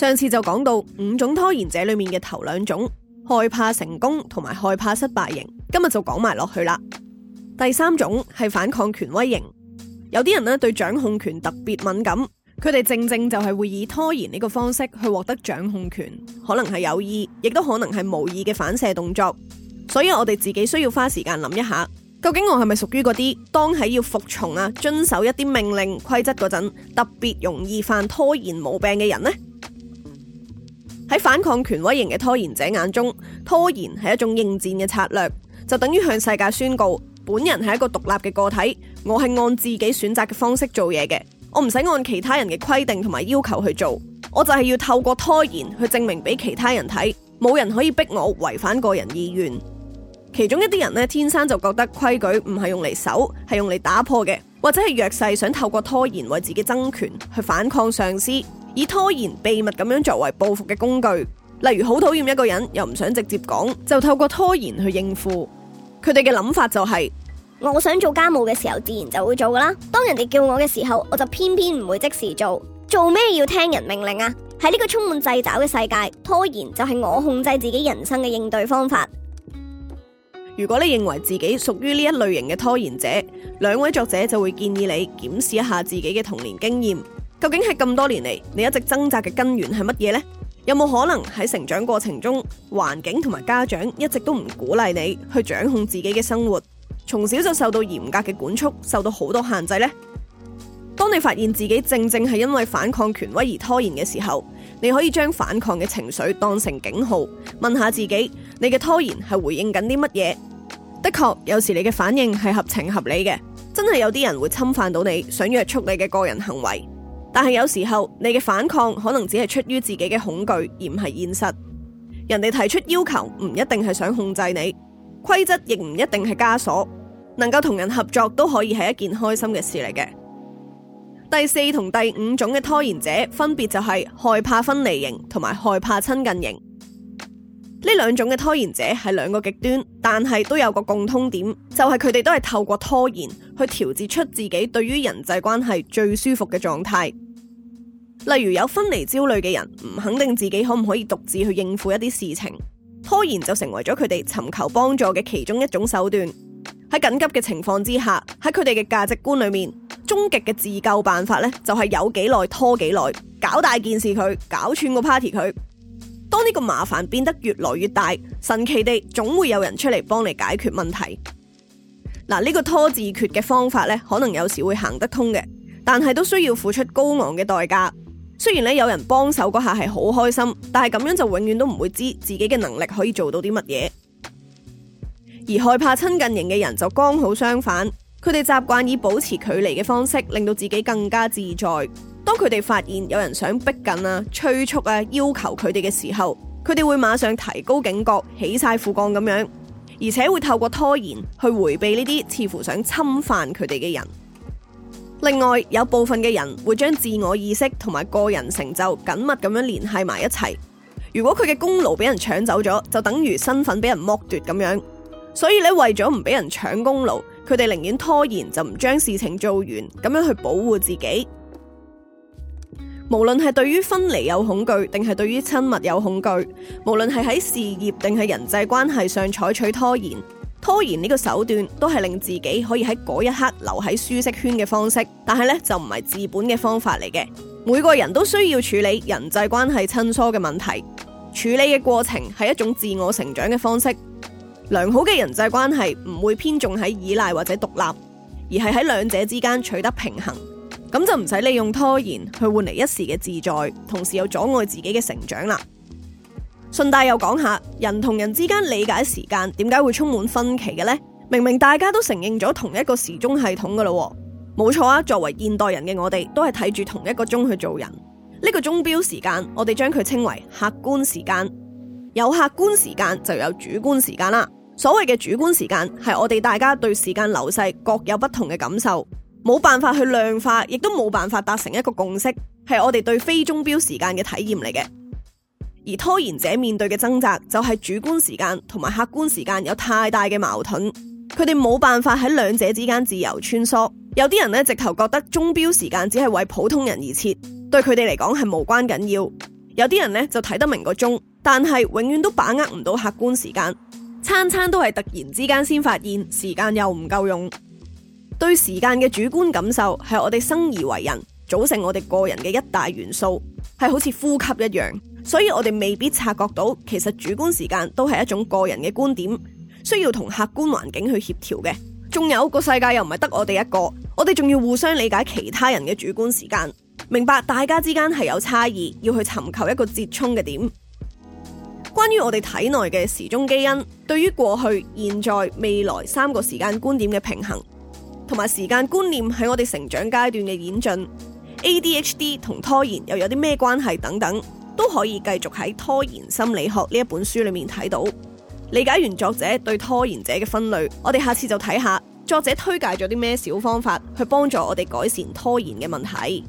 上次就講到五種拖延者裏面嘅頭兩種，害怕成功同埋害怕失敗型。今日就講埋落去啦。第三種係反抗權威型，有啲人呢對掌控權特別敏感，佢哋正正就係會以拖延呢個方式去獲得掌控權，可能係有意，亦都可能係無意嘅反射動作。所以我哋自己需要花時間諗一下，究竟我係咪屬於嗰啲當喺要服從啊，遵守一啲命令規則嗰陣特別容易犯拖延毛病嘅人呢？喺反抗權威型嘅拖延者眼中，拖延係一種應戰嘅策略，就等於向世界宣告，本人係一個獨立嘅個體，我係按自己選擇嘅方式做嘢嘅，我唔使按其他人嘅規定同埋要求去做，我就係要透過拖延去證明俾其他人睇，冇人可以逼我違反個人意願。其中一啲人咧，天生就覺得規矩唔係用嚟守，係用嚟打破嘅，或者係弱勢想透過拖延為自己爭權，去反抗上司。以拖延、秘密咁樣作為報復嘅工具，例如好討厭一個人，又唔想直接講，就透過拖延去應付。佢哋嘅諗法就係、是，我想做家務嘅時候自然就會做㗎啦。當人哋叫我嘅時候，我就偏偏唔會即時做。做咩要聽人命令啊？喺呢個充滿掣肘嘅世界，拖延就係我控制自己人生嘅應對方法。如果你認為自己屬於呢一類型嘅拖延者，兩位作者就會建議你檢視一下自己嘅童年經驗。究竟喺咁多年嚟，你一直掙扎嘅根源係乜嘢呢？有冇可能喺成長過程中，環境同埋家長一直都唔鼓勵你去掌控自己嘅生活，從小就受到嚴格嘅管束，受到好多限制呢？當你發現自己正正係因為反抗權威而拖延嘅時候，你可以將反抗嘅情緒當成警號，問下自己，你嘅拖延係回應緊啲乜嘢？的確，有時你嘅反應係合情合理嘅，真係有啲人會侵犯到你，想約束你嘅個人行為。但係有時候你嘅反抗可能只係出於自己嘅恐懼，而唔係現實。人哋提出要求唔一定係想控制你，規則亦唔一定係枷鎖。能夠同人合作都可以係一件開心嘅事嚟嘅。第四同第五種嘅拖延者分別就係害怕分離型同埋害怕親近型。呢兩種嘅拖延者係兩個極端，但係都有個共通點，就係佢哋都係透過拖延去調節出自己對於人際關係最舒服嘅狀態。例如有分離焦慮嘅人，唔肯定自己可唔可以獨自去應付一啲事情，拖延就成為咗佢哋尋求幫助嘅其中一種手段。喺緊急嘅情況之下，喺佢哋嘅價值觀裏面，終極嘅自救辦法咧就係有幾耐拖幾耐，搞大件事佢，搞串個 party 佢。當呢個麻煩變得越來越大，神奇地總會有人出嚟幫你解決問題。嗱，呢個拖字訣嘅方法咧，可能有時會行得通嘅，但係都需要付出高昂嘅代價。雖然咧有人幫手嗰下係好開心，但係咁樣就永遠都唔會知自己嘅能力可以做到啲乜嘢。而害怕親近型嘅人就剛好相反，佢哋習慣以保持距離嘅方式，令到自己更加自在。當佢哋發現有人想逼近啊、催促啊、要求佢哋嘅時候，佢哋會馬上提高警覺，起晒副槓咁樣，而且會透過拖延去回避呢啲似乎想侵犯佢哋嘅人。另外，有部分嘅人會將自我意識同埋個人成就緊密咁樣聯繫埋一齊。如果佢嘅功勞俾人搶走咗，就等於身份俾人剝奪咁樣，所以咧為咗唔俾人搶功勞，佢哋寧願拖延就唔將事情做完，咁樣去保護自己。無論係對於分離有恐懼，定係對於親密有恐懼，無論係喺事業定係人際關係上採取拖延，拖延呢個手段都係令自己可以喺嗰一刻留喺舒適圈嘅方式，但係呢就唔係治本嘅方法嚟嘅。每個人都需要處理人際關係親疏嘅問題，處理嘅過程係一種自我成長嘅方式。良好嘅人際關係唔會偏重喺依賴或者獨立，而係喺兩者之間取得平衡。咁就唔使利用拖延去換嚟一時嘅自在，同時又阻礙自己嘅成長啦。順帶又講下，人同人之間理解嘅時間點解會充滿分歧嘅呢？明明大家都承認咗同一個時鐘系統噶啦，冇錯啊！作為現代人嘅我哋，都係睇住同一個鐘去做人。呢個鐘表時間，我哋將佢稱為客觀時間。有客觀時間，就有主觀時間啦。所謂嘅主觀時間，係我哋大家對時間流逝各有不同嘅感受。冇辦法去量化，亦都冇辦法達成一個共識，係我哋對非鐘表時間嘅體驗嚟嘅。而拖延者面對嘅掙扎，就係、是、主觀時間同埋客觀時間有太大嘅矛盾，佢哋冇辦法喺兩者之間自由穿梭。有啲人呢，直頭覺得鐘表時間只係為普通人而設，對佢哋嚟講係無關緊要。有啲人呢，就睇得明個鐘，但係永遠都把握唔到客觀時間，餐餐都係突然之間先發現時間又唔夠用。對時間嘅主觀感受係我哋生而為人組成我哋個人嘅一大元素，係好似呼吸一樣，所以我哋未必察覺到其實主觀時間都係一種個人嘅觀點，需要同客觀環境去協調嘅。仲有個世界又唔係得我哋一個，我哋仲要互相理解其他人嘅主觀時間，明白大家之間係有差異，要去尋求一個折衷嘅點。關於我哋體內嘅時鐘基因，對於過去、現在、未來三個時間觀點嘅平衡。同埋時間觀念喺我哋成長階段嘅演進，ADHD 同拖延又有啲咩關係等等，都可以繼續喺《拖延心理學》呢一本書裏面睇到。理解完作者對拖延者嘅分類，我哋下次就睇下作者推介咗啲咩小方法去幫助我哋改善拖延嘅問題。